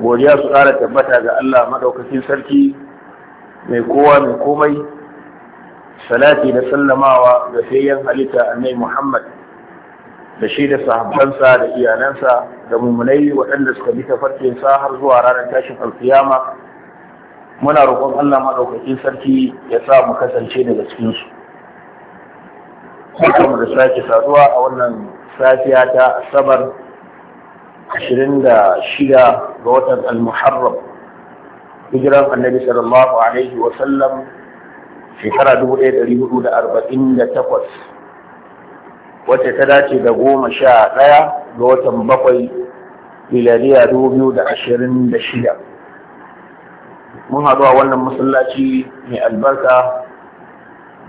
godiya su ƙara tabbata ga Allah maɗaukakin sarki mai kowa mai komai salati da sallamawa ga sayan halitta annai Muhammad da shi da sahabbansa da iyalansa da mummunai waɗanda suka bi tafarkinsa har zuwa ranar tashin alfiyama muna roƙon Allah maɗaukakin sarki ya sa mu kasance daga cikinsu. Kuma da sake saduwa a wannan safiya ta Asabar 26 ga watan al-muharram hijiran annabi sallallahu alaihi wa sallam shekara 1448 wacce ta dace da goma sha ɗaya ga watan bakwai da 2026 mun haɗu a wannan masallaci mai albarka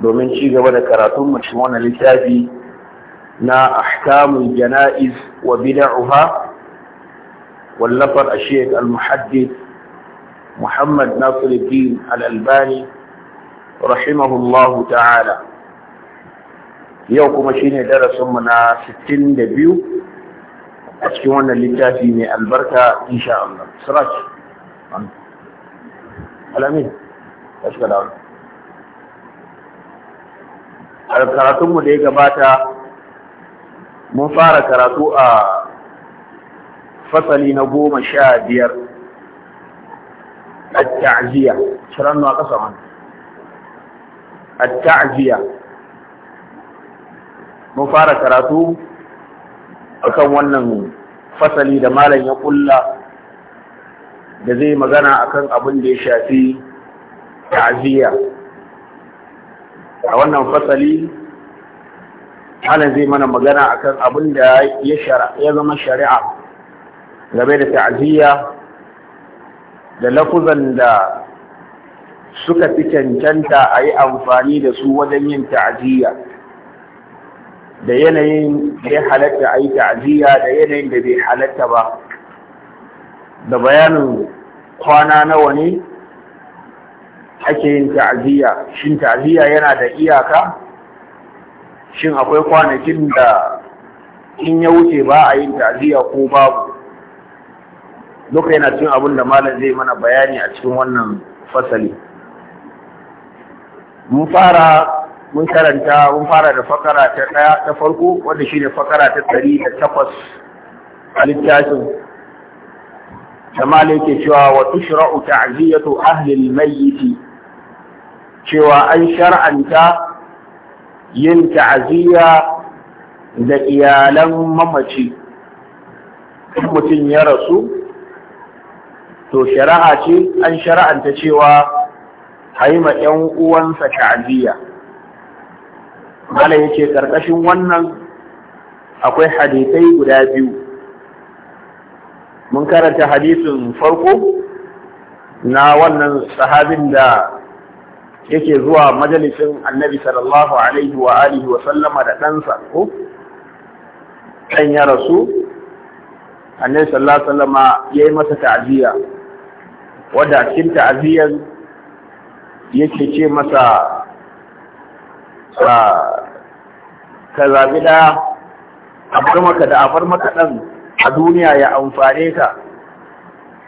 domin ci gaba da karatun mace wannan littafi na ahkamul jana'iz wa bid'uha wallafar ashek al-muhaddis muhammad nasiruddin al-albani rahimahullahu ta'ala yau kuma shine darasinmu na 62 a cikin wannan littafi mai albarka insha Allah siraj alamin tashka da wani karatunmu da ya gabata mun fara karatu a fasali na goma sha biyar a ta'aziya. shirin na ƙasa wani a ta'aziya. mun fara karatu akan wannan fasali da malam ya kulla da zai magana akan abin da ya shafi ta'aziya. a wannan fasali halin zai mana magana akan abin da ya zama shari'a game da ta'aziyya da lafuzan da suka fi cancanta a yi amfani da su wajen yin ta'aziyya da yanayin da ya halatta a yi ta'aziyya da yanayin da bai halatta ba da bayanin kwana nawa ne ake yin ta'aziyya shin ta'aziyya yana da iyaka shin akwai kwanakin da in ya wuce ba a yin ta'aziyya ko babu duka yana cin abin da malam zai mana bayani a cikin wannan fasali mun fara mun karanta mun fara da fakara ta ɗaya ta farko wanda shine fakara ta ɗari da takwas a littafin jama'a yake cewa wa tushra'u ta'ziyatu ahli al-mayyit cewa an shar'anta yin ta'ziya da iyalan mamaci mutum ya rasu to shari'a ce an shari'anta cewa a yi 'yan uwansa ta'ziya malam yake ce ƙarƙashin wannan akwai hadisai guda biyu mun karanta hadisin farko na wannan sahabin da yake zuwa majalisin annabi sallallahu alaihi wa alihi wa sallama da ɗansa ko ɗan ya rasu annabi sallallahu alaihi wa sallama ya yi masa ta'ziya wadda a cikin ta'aziyyar yake ce masa ka zaɓi ɗaya a bar maka da a bar maka ɗan a duniya ya amfane ka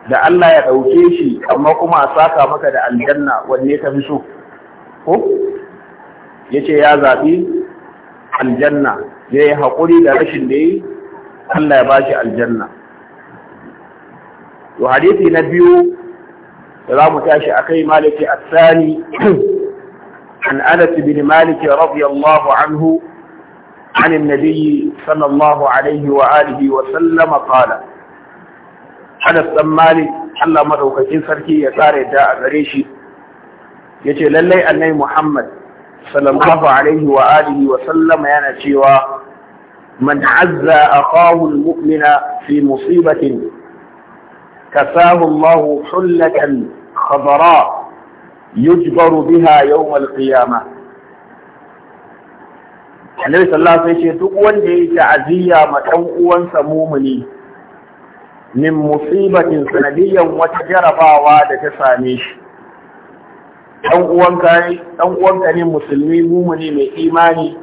da Allah ya ɗauke shi amma kuma a saka maka da aljanna wanne ka fi so ko ya ce ya zaɓi aljanna ya yi haƙuri da rashin da yi Allah ya ba shi aljanna to na biyu إذا متاشي أخي مالك الثاني عن أنس بن مالك رضي الله عنه عن النبي صلى الله عليه وآله وسلم قال حدث بن مالك حلى مروكة سركي يتاري داء غريشي يتي للي أني محمد صلى الله عليه وآله وسلم يانا يعني شيوا من عز أخاه المؤمن في مصيبة كساه الله حلة خضراء يجبر بها يوم القيامة ya sallallahu alaihi wasallam duk wanda ya yi ta'aziyya ma ɗan uwansa mumuni min musibatin sanadiyyan wata jarabawa da ta same shi ɗan uwanka ne musulmi mumuni mai imani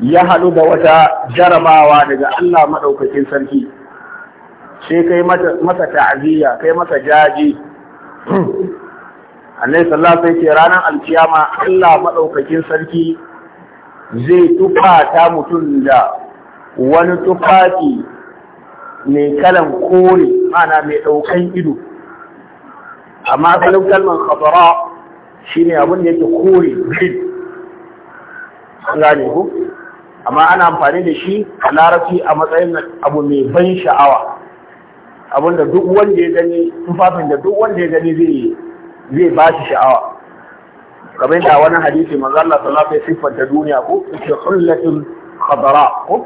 ya haɗu da wata jarabawa daga Allah maɗaukakin sarki sai kai masa ta'aziyya kai masa jaji annai sallallahu alaihi ce ranar alkiyama Allah madaukakin sarki zai tufata mutum da wani tufafi mai kalan kore mana mai daukan ido amma asalin kalmar khadara shine abin da yake kore green an gane ku amma ana amfani da shi a larabci a matsayin abu mai ban sha'awa abinda duk wanda ya gani tufafin da duk wanda ya gani zai zai ba shi sha'awa kamar da wani hadisi manzo Allah sallallahu alaihi wasallam duniya ko ce hullatul khadara ko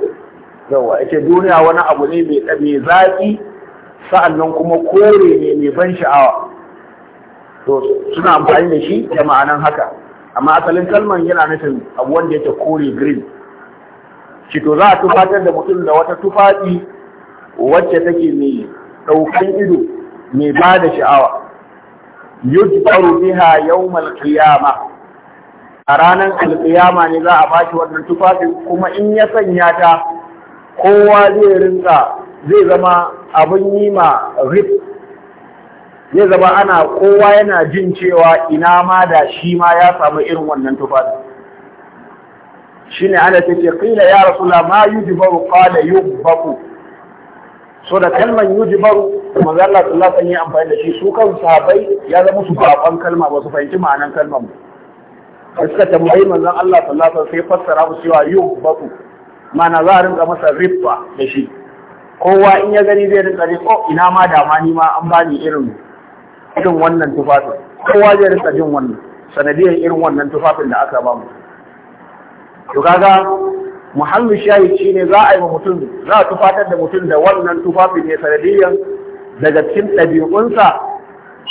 yawa ce duniya wani abu ne mai zaƙi zaki sa'annan kuma kore ne mai ban sha'awa to suna amfani da shi da ma'anan haka amma asalin kalman yana nufin abu wanda yake kore green shi to za a tufatar da mutum da wata tufafi wacce take mai ɗaukan ido mai ba da sha'awa yujbaru biha yau qiyamah a ranar alƙiyama ne za a bashi wannan tufafin kuma in ya sanya ta kowa zai rinka zai zama abin yi ma rif zai zama ana kowa yana jin cewa ina ma da shi ma ya samu irin wannan tufafin shine ana ce kila ya rasulullah ma yujbaru qala baku? so da kalman yujbaru manzo Allah sallallahu alaihi wasallam amfani da shi su kan sahabbai ya zama su bakon kalma ba su fahimci ma'anan kalman ba suka tambayi manzon Allah sallallahu alaihi wasallam sai fassara musu cewa yubatu ma'ana za a rinka masa rifa da shi kowa in ya gani zai rinka jin oh ina ma da ma ni ma an bani irin irin wannan tufafin kowa zai rinka jin wannan sanadiyar irin wannan tufafin da aka ba mu to kaga muhallin shahid shine za a yi mutum za a tufatar da mutum da wannan tufafin ne sanadiyyan daga cikin ɗabi'unsa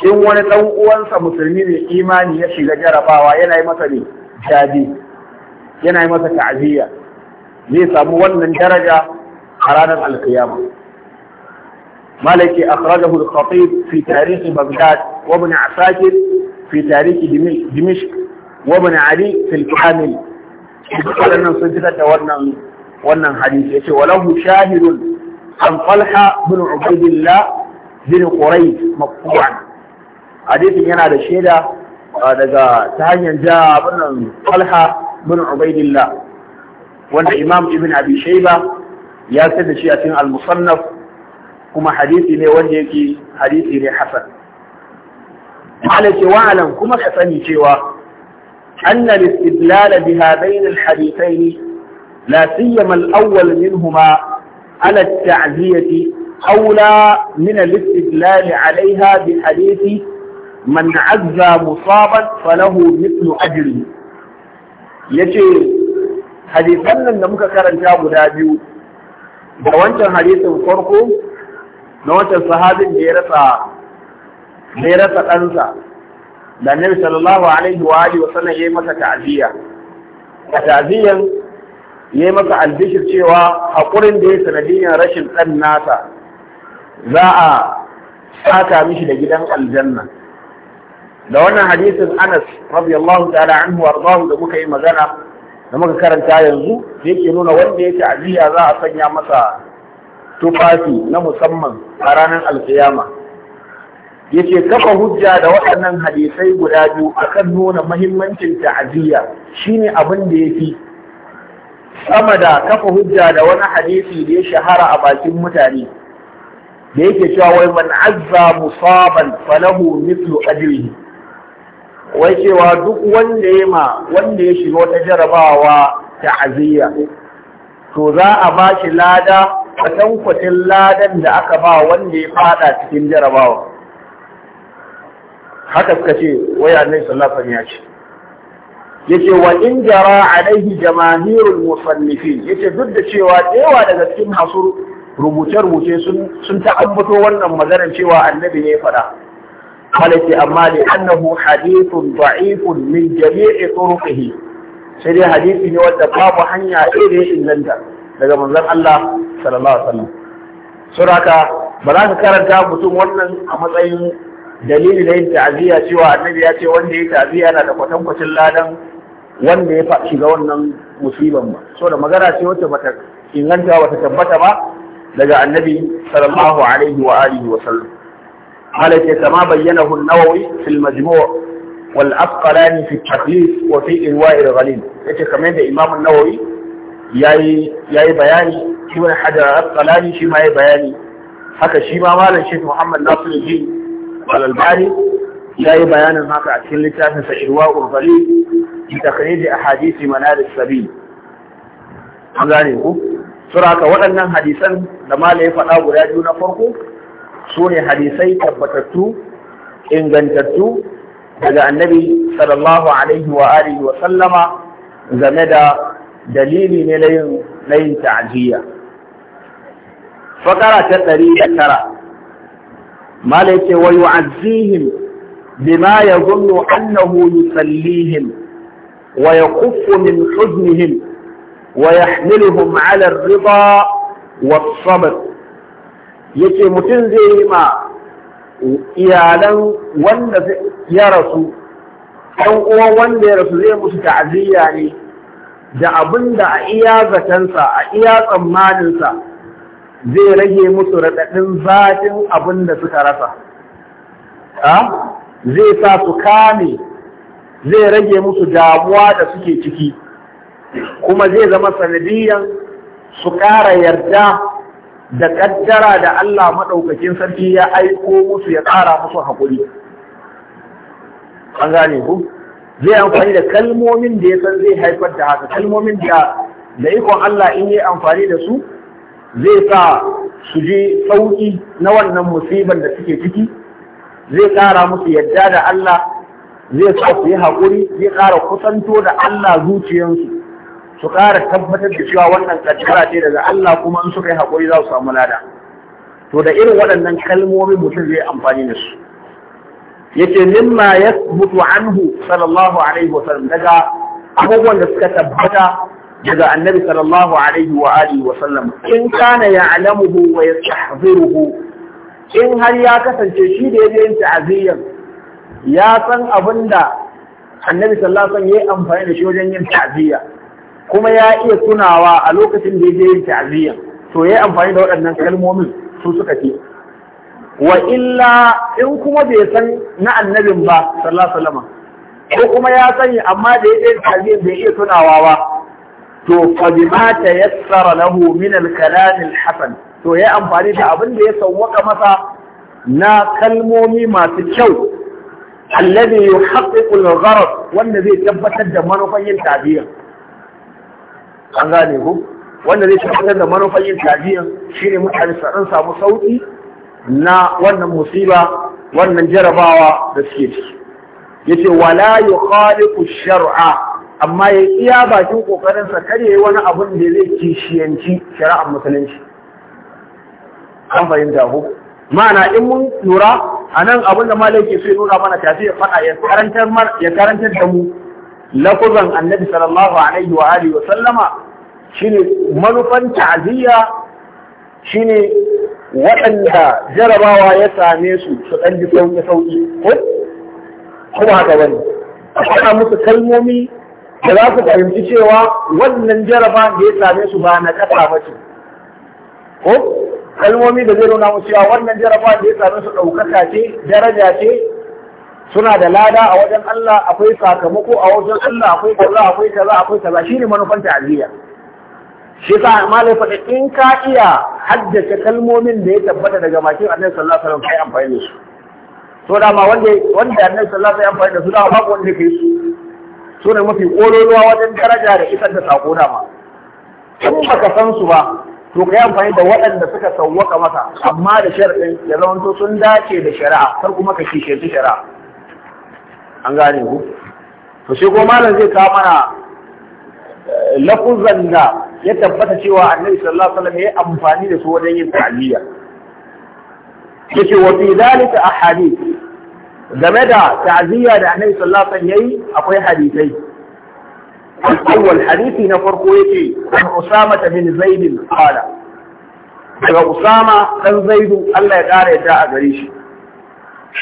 in wani ɗan uwansa musulmi ne imani ya shiga jarabawa yana yi masa ne jabi, yana yi masa ta'aziyya zai samu wannan daraja a ranar alkiyama malaki akhrajahu al-khatib fi tarikh baghdad wa ibn asakir fi tarikh dimishq wa ibn ali fi al-kamil waɗannan sun fitar da wannan wannan hadisi yace walahu shahidun an falha bin ubaidillah bin quraysh maqtu'an hadisin yana da shaida daga ta hanyar da wannan falha bin ubaidillah wanda imam ibn abi shayba ya sai da shi a cikin al-musannaf kuma hadisi ne wanda yake hadisi ne hasan malaka wa'alan kuma ka sani cewa أن الاستدلال بهذين الحديثين لا سيما الأول منهما على التعزية أولى من الاستدلال عليها بحديث من عزى مصابا فله مثل أجري يجي hadisan nan da muka karanta guda biyu da wancan hadisin farko na wancan sahabin da ya rasa ɗansa da annabi sallallahu alaihi wa alihi wa sallam yayi masa ta'ziya a ta'ziyan yayi masa albishir cewa hakurin da ya sanadiyan rashin dan nasa za a saka mishi da gidan aljanna da wannan hadisin Anas radiyallahu ta'ala anhu wardahu da muka yi magana da muka karanta yanzu yake nuna wanda ya ta'ziya za a sanya masa tufafi na musamman a ranar alkiyama yace kafa hujja da waɗannan hadisai guda biyu akan nuna mahimmancin ta'aziyya shine abin da yafi sama da kafa hujja da wani hadisi da ya shahara a bakin mutane da yake cewa wai man azza musaban falahu mithlu ajrihi wai cewa duk wanda ya ma wanda ya shiga wata jarabawa ta'aziyya to za a ba shi lada a tankwacin ladan da aka ba wanda ya fada cikin jarabawa haka suka ce wai annabi sallallahu alaihi wasallam ya ce yace wa in jara alaihi jamaahirul musannifin yace duk da cewa dayawa daga cikin hasur rubuce-rubuce sun sun ta wannan maganar cewa annabi ne fada malaki amma li annahu hadithun da'ifun min jami'i turuqihi sai dai hadisi ne wanda babu hanya ɗaya inganta daga manzon Allah sallallahu alaihi wasallam ba za ka karanta mutum wannan a matsayin dalili na yin ta'aziyya cewa annabi ya ce wanda ya ta'aziyya yana da kwatankwacin ladan wanda ya shiga wannan musiban ba so da magana ce wacce bata inganta bata tabbata ba daga annabi sallallahu alaihi wa alihi wa sallam malaka kama bayyana an-nawawi fil majmu' wal asqalani fi at-taqlid wa fi irwa'i al-ghalib yace kamar da imam an-nawawi yayi yayi bayani shi wani hajar asqalani shi ma yayi bayani haka shi ma malam Sheikh Muhammad Nasiruddin al-albani ya yi bayanin haka a cikin littafin sa irwa urbali bi ahadisi manar as an gane ku suraka waɗannan hadisan da mala ya faɗa guda biyu na farko su ne hadisai tabbatattu ingantattu daga annabi sallallahu alaihi wa alihi wa sallama game da dalili ne na yin na yin ta'aziyya fakara ta ɗari da tara mala yace wa yu'azzihim bima yadhunnu annahu yusallihim wa kufu min huznihim wa yahmiluhum ala ar-ridha was-sabr yace mutum zai yi ma iyalan wanda ya rasu ɗan uwan wanda ya rasu zai musu ta'aziyya ne da abin da a iya zatansa a iya tsammaninsa zai rage musu raɗaɗin zafin abin da suka rasa zai sa su kame zai rage musu damuwa da suke ciki kuma zai zama sanadiyan su ƙara yarda da ƙaddara da Allah maɗaukakin sarki ya aiko musu ya ƙara musu haƙuri. An gane ku? Zai amfani da kalmomin da ya san zai haifar da haka, kalmomin da da ikon Allah in yi amfani da su zai sa su ji sauƙi na wannan musibar da suke ciki zai ƙara musu yadda da Allah zai sa su yi haƙuri zai ƙara kusanto da Allah zuciyarsu su ƙara tabbatar da cewa wannan ƙaddara ce daga Allah kuma in suka yi haƙuri za su samu lada to da irin waɗannan kalmomi mutum zai amfani da su yace mimma yasbutu anhu sallallahu alaihi wasallam daga abubuwan da suka tabbata daga annabi sallallahu alaihi wa alihi wa sallam in kana ya'lamuhu wa yastahziruhu in har ya kasance shi da yaje yin ta'ziyyar ya san abinda annabi sallallahu alaihi wa yayi amfani da shi wajen yin ta'ziyya kuma ya iya tunawa a lokacin da yaje yin ta'ziyya to yayi amfani da waɗannan kalmomin su suka ce wa illa in kuma bai san na annabin ba sallallahu alaihi wa ko kuma ya sani amma da yaje ta'ziyyar bai iya tunawa ba to fadima ta yassara lahu min al-kalam al-hasan to yayi amfani da abin da ya sawwaka masa na kalmomi masu kyau alladhi yuhaqqiqu al-gharad wanda zai tabbatar da manufan yin tabiya an gane ku wanda zai tabbatar da manufan yin tabiya shine mutane su samu sauki na wannan musiba wannan jarabawa da suke ciki yace wala yukhaliqu shar'a amma ya iya bakin kokarinsa kar ya yi wani abun da zai kishiyanci shari'ar musulunci an fahimta ku ma'ana in mun lura a nan abin da malai ke so nuna mana tafi ya faɗa ya karantar da mu lafuzan annabi sallallahu alaihi wa alihi wa sallama shine manufan ta'aziyya shine waɗanda jarabawa ya same su su ɗan ji sauƙi sauƙi ko haka bane a faɗa musu kalmomi da za su fahimci cewa wannan jaraba da ya same su ba na ƙasa ba ce. Ko? Kalmomi da zai nuna mu cewa wannan jaraba da ya same su ɗaukaka ce, daraja ce, suna da lada a wajen Allah akwai sakamako a wajen Allah akwai kaza akwai kaza akwai kaza shine manufan ta'aziyya. Shi sa malai faɗa in ka iya haddace kalmomin da ya tabbata daga bakin Annabi sallallahu alaihi wasallam kai amfani da su. To dama wanda wanda Annabi sallallahu alaihi wasallam ya amfani da su da babu wanda ke su. su ne mafi ƙololuwa wajen daraja da isar da saƙo dama in ka san su ba to ka yi amfani da waɗanda suka sauwaka masa amma da sharaɗin ya zamanto sun dace da shari'a kar kuma ka su shari'a an gane ku to shi ko malam zai kawo mana eh, lafuzan da ya tabbata cewa annabi sallallahu alaihi wasallam ya amfani da su wajen yin ta'aliyya yace wa fi dalika ahadith game da ta'aziyya da annabi sallallahu alaihi wasallam yayi akwai hadisai awwal hadisi na farko yake an usama bin zaid qala daga usama dan zaidu Allah ya kare yadda a gare shi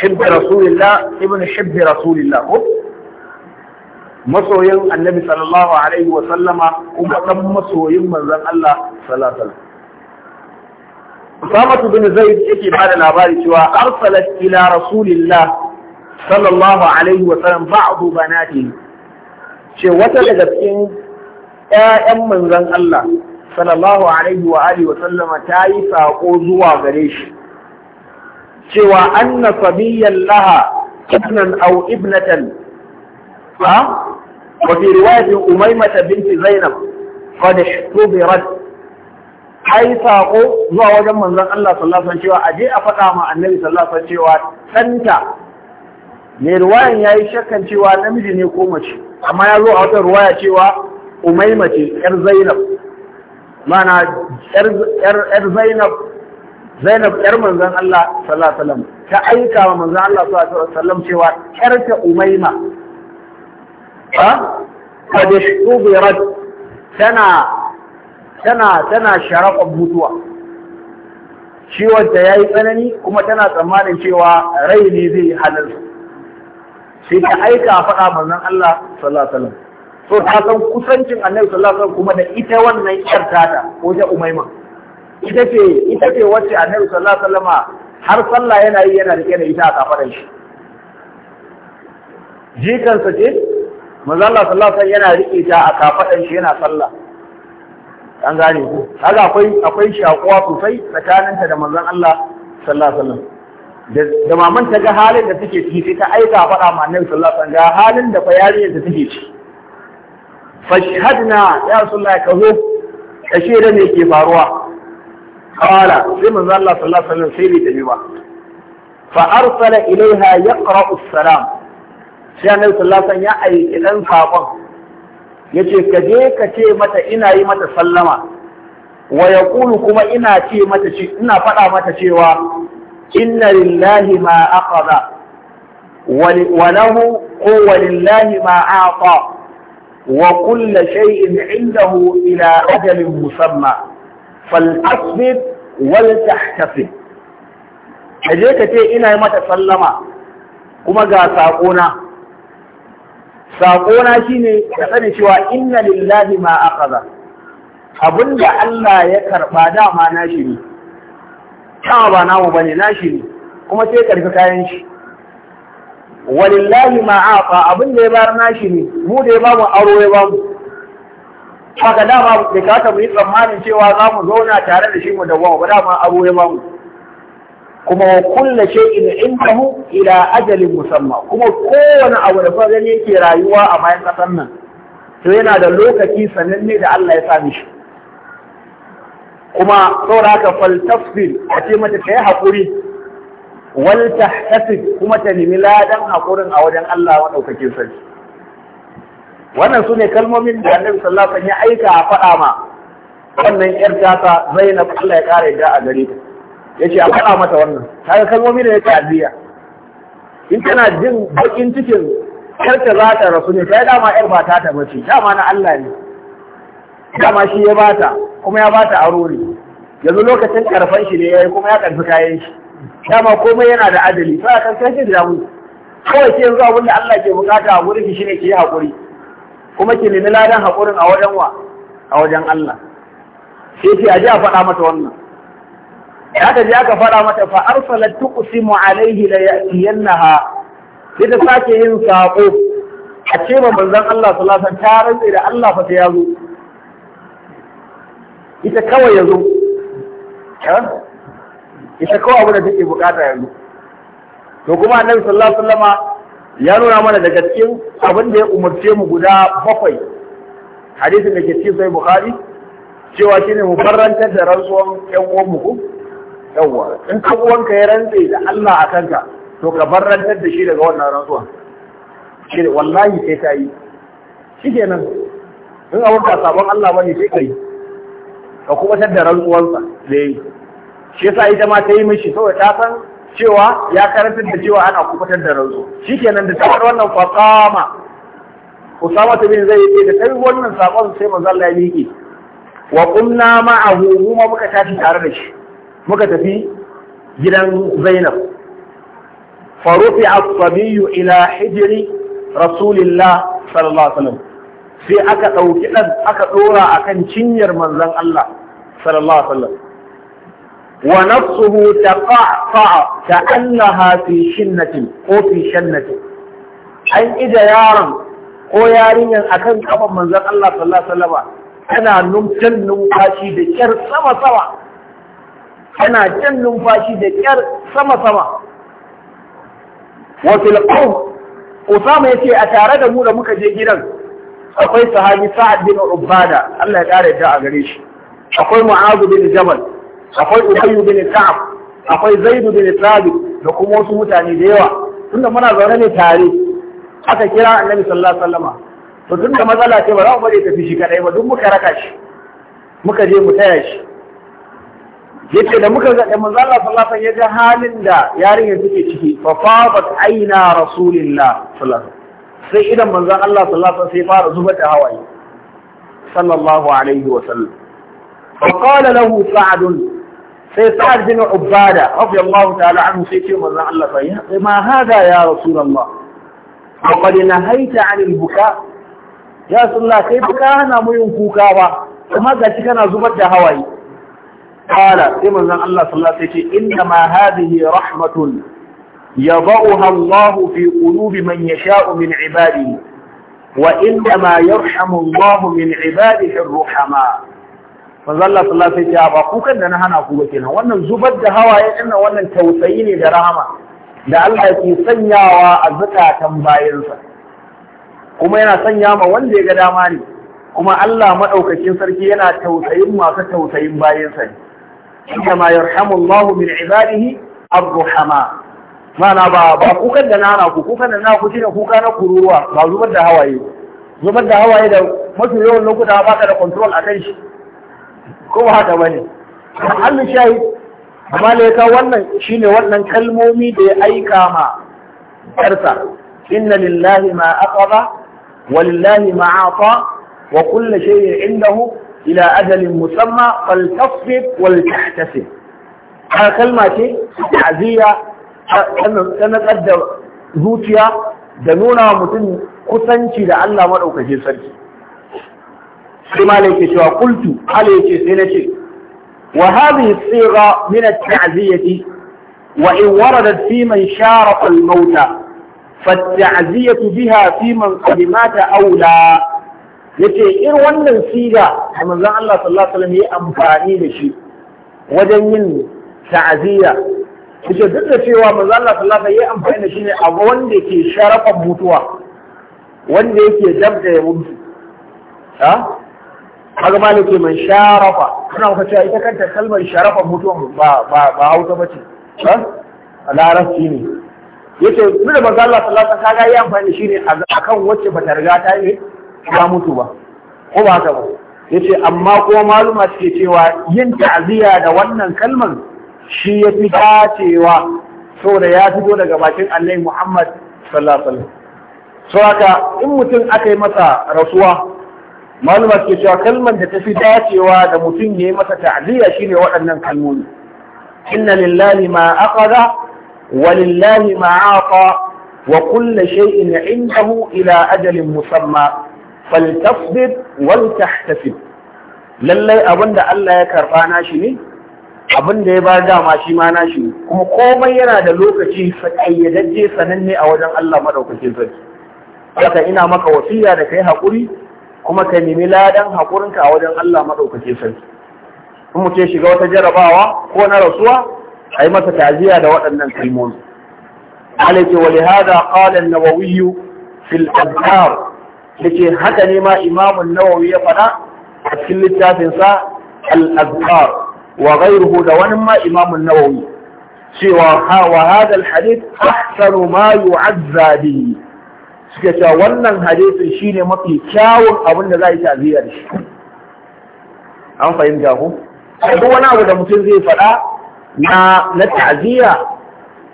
hibbi rasulillah ibn hibbi rasulillah masoyin annabi sallallahu alaihi sallama, kuma dan masoyin manzon Allah sallallahu alaihi wasallam Usamatu bin Zaid yake bada labari cewa arsalat ila Rasulillah sallallahu alaihi wa sallam ba'du banati ce wata daga cikin ƴaƴan manzon Allah sallallahu alaihi wa alihi wa sallama ta yi sako zuwa gare shi cewa anna sabiyyan laha ibnan aw ibnatan ha wa fi riwayat umaymah binti zainab qad ihtubirat ai sako zuwa wajen manzon Allah sallallahu alaihi wa sallam cewa aje a faɗa ma annabi sallallahu alaihi wa sallam cewa tanta mai ruwayan ya yi shakkan cewa namiji ne ko mace amma ya zo a wata ruwaya cewa umaima ce yar zainab mana yar zainab zainab yar manzan Allah sallallahu alaihi ta aika wa manzan Allah sallallahu alaihi wasallam cewa yar ta umaima ha kad shubirat tana tana tana sharafa mutuwa ciwon ta yayi tsanani kuma tana tsammanin cewa rai ne zai halarta sai ta aika a faɗa manzon Allah sallallahu alaihi wasallam so ta san kusancin annabi sallallahu alaihi wasallam kuma da ita wannan yar tata ko ta umaima ita ce ita ce wacce annabi sallallahu alaihi wasallama har sallah yana yi yana rike da ita a kafaran shi jikansa ce manzo Allah sallallahu alaihi wasallam yana rike ta a kafadan shi yana sallah an gane ku kaga akwai akwai shakuwa sosai tsakaninta da manzon Allah sallallahu alaihi wasallam da maman ta ga halin da take ciki sai ta aika faɗa ma annabi sallallahu alaihi wasallam ga halin da fa yariyar da take ciki fashhadna ya rasulullahi ka zo ka shaida me ke faruwa qala sai manzo Allah sallallahu alaihi wasallam sai bai tafi ba fa arsala ilaiha yaqra'u salam sai annabi sallallahu alaihi wasallam ya aiki dan sakon yace ka je ka ce mata ina yi mata sallama wa yaqulu kuma ina ce mata ina faɗa mata cewa inna lillahi ma aqada wa lahu huwa lillahi ma aata wa kullu shay'in 'indahu ila ajalin musamma faltasbir wal tahtasib aje ka ce ina mata sallama kuma ga saƙona saƙona shine ka sani cewa inna lillahi ma aqada abinda Allah ya karɓa dama na shi ne tawa ba namu bane nashi ne kuma sai karfi kayan shi walillahi ma afa abin da ya bayar nashi ne mu da ya bamu aro ya bamu haka dama da kata mu yi tsammanin cewa za mu zauna tare da shi mu dawwama ba dama aro ya bamu kuma wa kulla shay'in indahu ila ajalin musamma kuma kowane abu da fara yake rayuwa a bayan kasan nan to yana da lokaci sananne da Allah ya sa mishi kuma saboda haka faltafsil a ce mata ka yi haƙuri wal tahtasib kuma ta nemi ladan haƙurin a wajen Allah maɗaukakin sarki wannan su ne kalmomin da annabi sallallahu alaihi wasallam ya aika a faɗa ma wannan yar tata Zainab Allah ya ƙara yadda a gare ta yace a faɗa mata wannan kaga kalmomi ne ta addiya in kana jin bakin cikin karta za ta rasu ne sai dama yar ba ta ta bace dama na Allah ne dama shi ya bata kuma ya bata aro ne yanzu lokacin karfan shi ne yayi kuma ya karfi kayan shi dama komai yana da adali ba kan sai shi da mu kawai ke yanzu wanda Allah ke bukata a gurin shi ne ki yi hakuri kuma ki nemi ladan hakurin a wajen wa a wajen Allah sai ce aje a faɗa mata wannan haka je aka faɗa mata fa arsalat tuqsimu alayhi la yatiyannaha sai ta sake yin sako a ce ba manzon Allah sallallahu alaihi wasallam ta rantsa da Allah fa ta yazo ita kawai yanzu ita kawai abu da take bukata yanzu to kuma annabi sallallahu alaihi wasallama ya nuna mana daga cikin abin da ya umarce mu guda bakwai hadisin da ke cikin sai bukhari cewa shine mu farrantar da rantsuwan yan uwan mu ko yawa in ka uwanka ya rantse da Allah a kanka to ka farrantar da shi daga wannan rantsuwan shi wallahi sai ta yi shikenan in abun ka sabon Allah bane sai ka yi ka kubatar da rantsuwansa da yi shi yasa ita ma ta yi mishi saboda ta san cewa ya karantar da cewa ana kubatar da rantsu shikenan da ta wannan fasama Usama ta bin zai ce da kai wannan sakon sai manzo Allah ya miƙe wa qumna ma'ahu kuma muka tashi tare da shi muka tafi gidan Zainab farufi as-sabiyyu ila hijri rasulillah sallallahu alaihi wasallam sai aka ɗauki ɗan aka ɗora a kan cinyar manzan Allah sallallahu alaihi wasallam wa nafsuhu ta ka'annaha fi shinnatin ko fi shannatin an ija yaron ko yarinyar kan kafan manzan Allah sallallahu alaihi wasallam tana numfashi da sama sama jan numfashi da kyar sama sama wa fil qawm Usama ce a tare da mu da muka je gidan akwai sahabi sa'ad bin ubada Allah ya kare ta a gare shi akwai mu'azu bin jabal akwai ubayyu bin ka'ab akwai zaidu bin thabit da kuma wasu mutane da yawa tunda muna zaune ne tare aka kira annabi sallallahu alaihi wasallama to tun tunda matsala ce ba za mu bari tafi shi kadai ba duk muka raka shi muka je mu taya shi yace da muka ga da manzo Allah sallallahu alaihi wasallam ya ga halin da yarinya take ciki fa fadat aina rasulillah sallallahu alaihi wasallam sai idan manzan Allah sallallahu alaihi wasallam sai fara zubar da hawaye sallallahu alaihi wasallam fa qala lahu sa'd sai sa'd bin ubada radiyallahu ta'ala anhu sai ce manzon Allah sai ma hada ya rasulullah wa qad nahaita 'anil buka ya sallah kai buka na mu yin kuka ba kuma gaci kana zubar da hawaye قال سيما الله صلى sai عليه وسلم إنما هذه rahmatun. يضعها الله في قلوب من يشاء من عباده وإنما يرحم الله من عباده الرحماء manzalla sallallahu alaihi wasallam ba kukan da na hana ku ba kenan wannan zubar da hawa ya nan wannan tausayi ne da rahama da Allah ke sanyawa a zakatan bayansa kuma yana sanya wa wanda ya ga dama ne kuma Allah maɗaukacin sarki yana tausayin masu tausayin bayansa ne kama yarhamu Allah min ibadihi ar-ruhama mana ba ba kukan da na ku kukan da na shine kuka na kururuwa ba zubar da hawaye zubar da hawaye da mafi yawan lokuta ba ka da control a kan shi ko ba haka bane Allah shayi amma ne ka wannan shine wannan kalmomi da ya aika ma karsa inna lillahi ma aqaba wa lillahi ma ata wa kullu shay'in indahu ila ajalin musamma faltasbir wal tahtasib kalma ce ta'ziya tsanantsar da zuciya da nuna mutum kusanci da Allah maɗaukacin sarki sai malai ke cewa kultu ala yake sai na ce wa hadhihi as-sigha min at-ta'ziyati wa in waradat fi man sharafa al-mauta فالتعزية بها في من قد مات أولى yace ir wannan siga da manzon Allah sallallahu alaihi wasallam ya amfani da shi wajen yin ta'aziyya kuce duk da cewa manzo Allah sallallahu alaihi wasallam amfani da shi ne a wanda ke sharafan mutuwa wanda yake dab da ya mutu ha kaga malike man sharafa kana kuka cewa ita kanta kalmar sharafa mutuwa ba ba ba hauta bace ha a larabci ne yace duk da manzo Allah sallallahu alaihi wasallam kaga ya amfani shi ne akan wacce bata riga ta yi ta mutu ba ko ba ta ba yace amma ko maluma suke cewa yin ta'ziya da wannan kalmar shi ya fi dacewa saboda ya fito daga bakin annabi Muhammad sallallahu alaihi wasallam so haka in mutum aka yi masa rasuwa malama ke cewa kalmar da ta fi dacewa da mutum ya yi masa ta'aziyya shine waɗannan kalmomi inna lillahi ma aqada wa lillahi ma aqa wa kullu shay'in 'indahu ila ajalin musamma faltasbir wal tahtasib lallai abinda Allah ya karba na shi ne abin da ya ba dama shi ma na shi kuma komai yana da lokaci kayyadajje sananne a wajen Allah madaukakin sarki haka ina maka wasiya da kai hakuri kuma ka nemi ladan hakurinka a wajen Allah madaukakin sarki in muke shiga wata jarabawa ko na rasuwa a yi masa ta'aziyya da waɗannan kalmomi alaiki wa lihada qala an-nawawi fil azhar yake haka ne ma imamun nawawi ya faɗa a cikin littafinsa al-azhar wa ghayruhu da wani ma Imam nawawi cewa ha wa hadha al ahsanu ma yu'azza cewa wannan hadisin shine mafi kyawun abin da za yi ta'ziya da shi an fahimta ku duk wani abu da mutum zai faɗa na na ta'ziya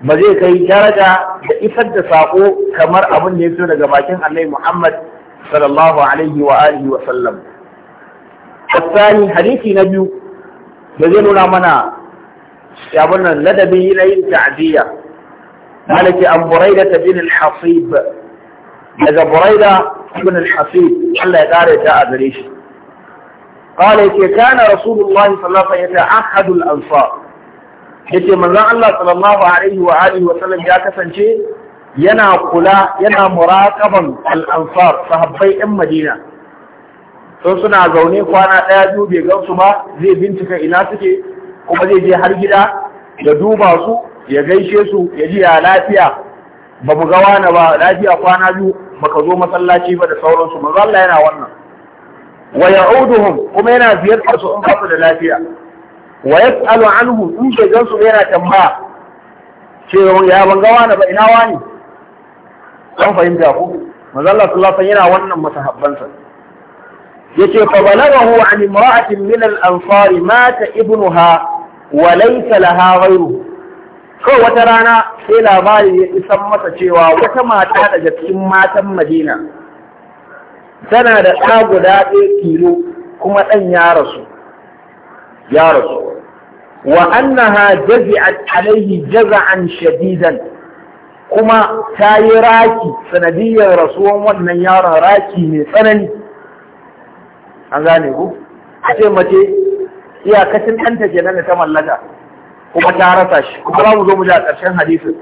ba zai kai daraja da isar da sako kamar abin da ya fito daga bakin Annabi Muhammad sallallahu alaihi wa alihi wa sallam. Asani hadisi na biyu da zai nuna mana abin nan ladabi na yin ta'ziya malaki an buraida ta bin al-hasib daga buraida ibn al-hasib Allah ya ta a gare shi قال يتي كان رسول الله صلى الله عليه وسلم يتعهد الأنصار Allah من الله wa الله wa وآله ya kasance yana kula yana muraqaban al-ansar sahabbai ɗan Madina Sun suna zaune kwana ɗaya biyu bai su ba zai bincika ina suke kuma zai je har gida ya duba su ya gaishe su ya ji ya lafiya ba mu gawa na ba lafiya kwana biyu baka zo masallaci ba da sauransu ba. Allah yana wannan wa ya'uduhum kuma yana ziyartar su in ba su da lafiya wa yas'alu anhu in bai gansu yana tambaya ce ya ban gawa na ba ina wani an fahimta ku manzo Allah sallallahu alaihi wasallam yana wannan masahabbansa yace fa balaghahu an imra'atin min al-ansar mata ibnuha wa laysa laha ghayru kawai wata rana sai labari ya isan masa cewa wata mata daga cikin matan Madina tana da ɗa guda ɗaya kilo kuma ɗan ya rasu ya rasu wa annaha jazi'at alaihi jaza'an shadidan kuma ta yi raki sanadiyar rasuwan wannan yaron raki mai tsanani an gane ku a ce mace iyakacin ɗanta ke nan da ta mallaka kuma ta rasa shi kuma za mu zo mu ji a ƙarshen hadisin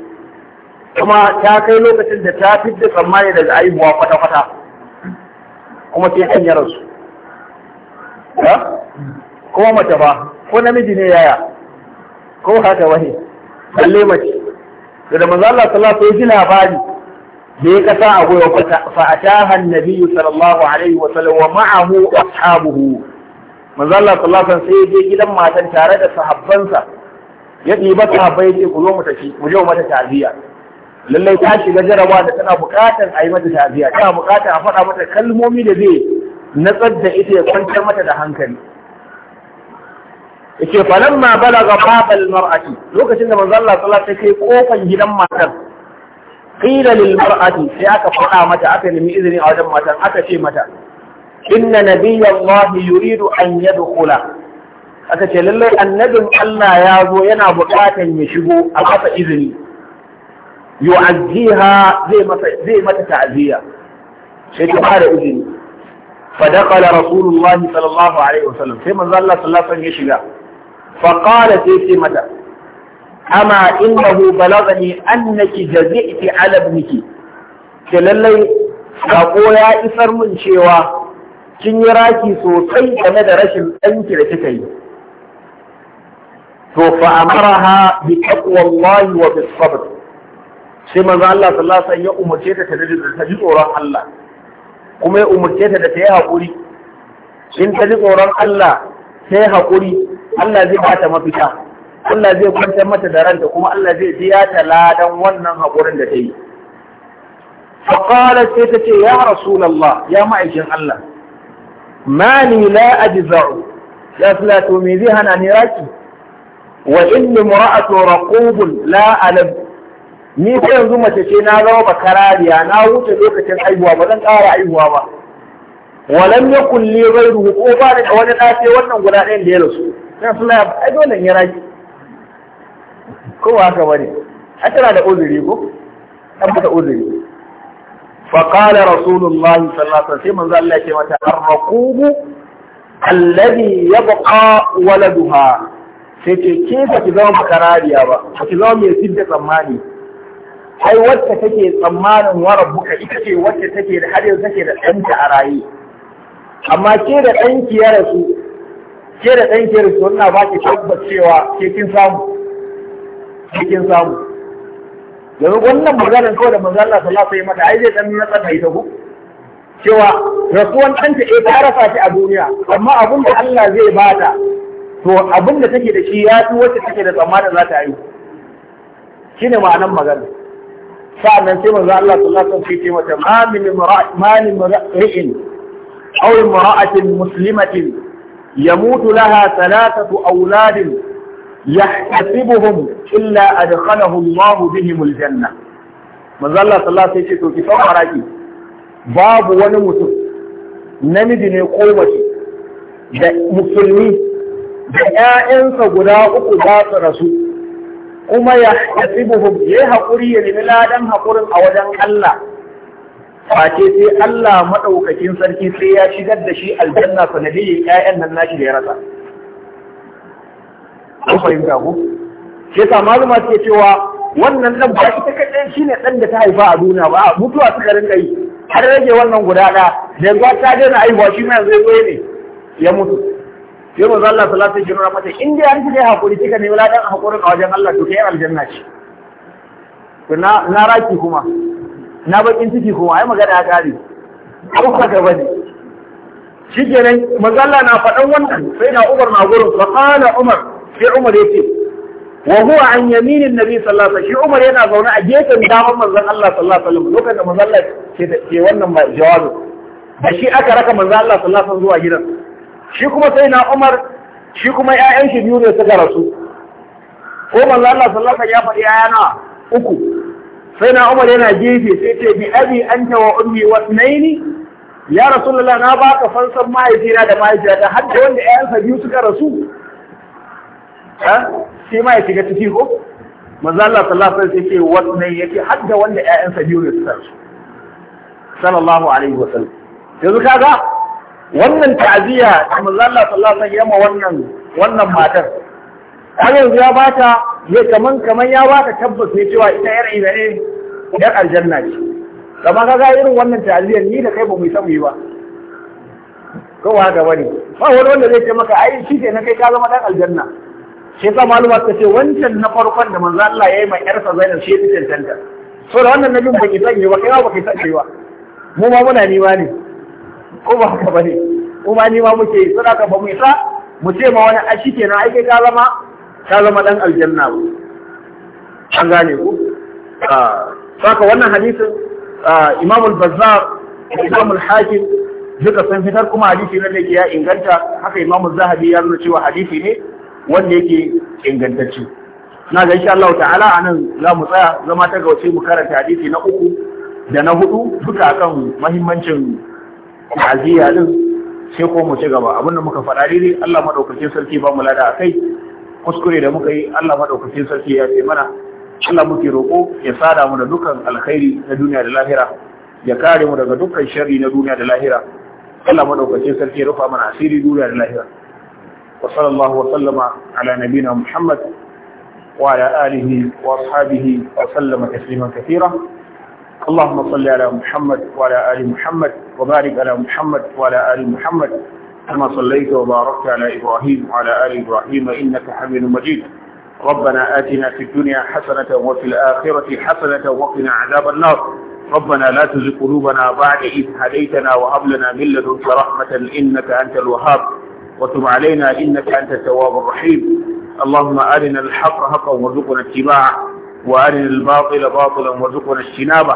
kuma ta kai lokacin da ta fidda tsammani daga aihuwa kwata-kwata kuma sai an yi rasu kuma mace ba ko namiji ne yaya ko haka wani balle mace da da manzo Allah sallallahu alaihi wasallam ya ji labari da ya kasa a goyo fa a ataha annabi sallallahu alaihi wa sallam wa ma'ahu ashabuhu manzo Allah sallallahu alaihi wasallam sai je gidan matan tare da sahabbansa ya ɗiba sahabbai ya ce ku zo mu tafi mu je mata ta'aziyya lallai ta shiga jarabawa da tana buƙatar a yi mata ta'aziyya tana buƙatar a faɗa mata kalmomi da zai natsar da ita ya kwantar mata da hankali yace falamma balaga babal mar'ati lokacin da manzo Allah sallallahu alaihi wasallam sai kai kofan gidan matar qila lil mar'ati sai aka faɗa mata aka nemi izini a wajen matan aka ce mata inna nabiyallahi yuridu an yadkhula aka ce lallai annabin Allah ya zo yana buƙatan ya shigo a masa izini yu'azziha zai masa zai mata ta'ziya sai ta fara izini fa dakala rasulullahi sallallahu alaihi wasallam sai manzo Allah sallallahu alaihi wasallam ya shiga fa qala sai ce mata amma innahu balagani annaki jazi'ti ala ibniki ke lallai sako ya isar mun cewa kin yi raki sosai game da rashin ɗanki da kika yi to fa amaraha bi taqwallahi wa bis sabr sai manzo Allah sallallahu alaihi wasallam ya umarce ta ta ji tsoron Allah kuma ya umarce ta da ta yi haƙuri in ta ji tsoron Allah ta yi haƙuri Allah zai ba ta mafita Allah zai kwantar mata da ranta kuma Allah zai biya ta ladan wannan haƙurin da ta yi. Faƙalar sai ta ce, Ya Rasulallah, ya ma'aikin Allah, mali la ajza'u ya filato me zai hana ni raki, wa inni mura'atu raqubun la alam. Ni sai yanzu mace ce na zama bakarariya na wuce lokacin aihuwa ba zan ƙara aihuwa ba. Walam ya kulle bai ruhu ko ba da wani ɗafe wannan guda ɗayan da ya rasu. Na suna ai dole in yi raki. ko ba haka bane a tana da uzuri ko an mata uzuri fa qala rasulullahi sallallahu alaihi wasallam manzo Allah ya ce mata arqubu alladhi yabqa waladuha sai ce ke ba ki zama makarariya ba ba ki zama mai fidda tsammani ai wacce take tsammanin warar buka ita ce wacce take da har yanzu take da ɗanta a raye amma ke da ɗanki ya rasu ke da ɗanki ya rasu wannan ba ki tabbas cewa ke kin samu cikin samu yanzu wannan maganar kawai da manzo Allah sallallahu alaihi mata ai zai dan natsa ita ku cewa rasuwan ɗanta eh ta rasa shi a duniya amma abin da Allah zai bata to abin da take da shi ya fi wacce take da tsammanin za ta yi shine ma'anar magana sa'annan sai manzo Allah sallallahu alaihi wasallam ya mata ma min ma min ra'in aw mar'atin muslimatin yamutu laha thalathatu awladin yahtasibuhum illa adkhalahu Allah bihim aljanna manzo Allah sallallahu alaihi wasallam to ki saurara ki babu wani mutum namiji ne ko mace da musulmi da ƴaƴansa guda uku za su rasu kuma ya hasibuhum ya hakuri ya nemi ladan haƙurin a wajen Allah face sai Allah maɗaukakin sarki sai ya shigar da shi aljanna sanadiyyar ƴaƴan nan nashi da ya rasa an fahimta ku shi yasa maluma suke cewa wannan dan ba ita kaɗai shine dan da ta haifa a duniya ba mutuwa suka garin yi har rage wannan guda da yanzu ta daina aihuwa shi ma yanzu ya ne ya mutu sai manzo Allah sallallahu alaihi wasallam mata in dai an kike hakuri kika wala dan hakuri a wajen Allah to kai aljanna ce to na na raki kuma na bakin ciki kuma ai magana ya kare kuka ga bane shikenan manzo Allah na faɗan wannan sai na Umar na gurin fa kana Umar sai Umar ya ce wa huwa an yaminin nabi sallallahu alaihi wasallam shi Umar yana zaune a gefen daman manzon Allah sallallahu alaihi wasallam lokacin da manzon Allah ke wannan jawabi da shi aka raka manzon Allah sallallahu alaihi wasallam zuwa gidan shi kuma sai na Umar shi kuma ƴaƴan shi biyu ne suka rasu ko manzon Allah sallallahu alaihi wasallam ya faɗi ƴaƴana uku sai na Umar yana gefe sai ce bi abi anta wa ummi wa naini ya rasulullah na baka fansan mahaifina da mahaifiyata har da wanda ƴaƴansa biyu suka rasu shi ma ya shiga ciki ko manzo Allah sallallahu alaihi wasallam yake wannan yake har da wanda ƴaƴansa biyu ne su rasu sallallahu alaihi wasallam yanzu kaga wannan ta'ziya da manzo Allah sallallahu alaihi wasallam ya wannan wannan matar har yanzu ya bata ya kaman kaman ya bata tabbas ne cewa ita yar ina ne yar aljanna ce kamar kaga irin wannan ta'ziyar ni da kai ba mu san mu yi ba kowa gaba ne ba wani wanda zai ce maka ai shi ke na kai ka zama dan aljanna shi sa maluma suka ce wancan na farkon da manzo Allah ya yi ma yarsa Zainab shi ya tantanta so da wannan nabin baki sanye ba kai ba kai sanye ba mu ma muna nima ne ko ba haka bane mu ma nima muke yi suna ka ba mu isa mu ce ma wani ashi ke na aiki ka zama ka zama dan aljanna ba an gane ku ah, saka wannan hadisin ah, Imam al-Bazzar Imam al-Hakim duka san fitar kuma hadisi na da ya inganta haka Imam Zahabi ya nuna cewa hadisi ne wanda yake ingantacce na ga insha Allah ta'ala anan za mu tsaya zama ta gauce mu karanta hadisi na uku da na hudu duka akan mahimmancin ta'aziyya din sai ko mu ci gaba abin da muka faɗa dai Allah madaukakin sarki ba mu lada akai kuskure da muka yi Allah madaukakin sarki ya ce mana Allah muke roƙo ya sada mu da dukkan alkhairi na duniya da lahira ya kare mu daga dukkan sharri na duniya da lahira Allah madaukakin sarki ya rufa mana asiri duniya da lahira وصلى الله وسلم على نبينا محمد وعلى آله وأصحابه وسلم تسليما كثيرا اللهم صل على محمد وعلى آل محمد وبارك على محمد وعلى آل محمد كما صليت وباركت على إبراهيم وعلى آل إبراهيم إنك حميد مجيد ربنا آتنا في الدنيا حسنة وفي الآخرة حسنة وقنا عذاب النار ربنا لا تزغ قلوبنا بعد إذ هديتنا وهب لنا من لدنك رحمة إنك أنت الوهاب وتب علينا إنك أنت التواب الرحيم اللهم أرنا الحق حقا وارزقنا اتباعه وأرنا الباطل باطلا وارزقنا اجتنابه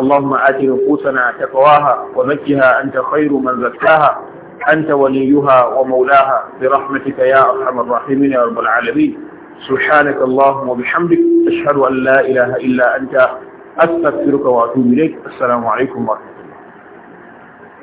اللهم آت نفوسنا تقواها وزكها أنت خير من زكاها أنت وليها ومولاها برحمتك يا أرحم الراحمين يا رب العالمين سبحانك اللهم وبحمدك أشهد أن لا إله إلا أنت أستغفرك وأتوب إليك السلام عليكم ورحمة الله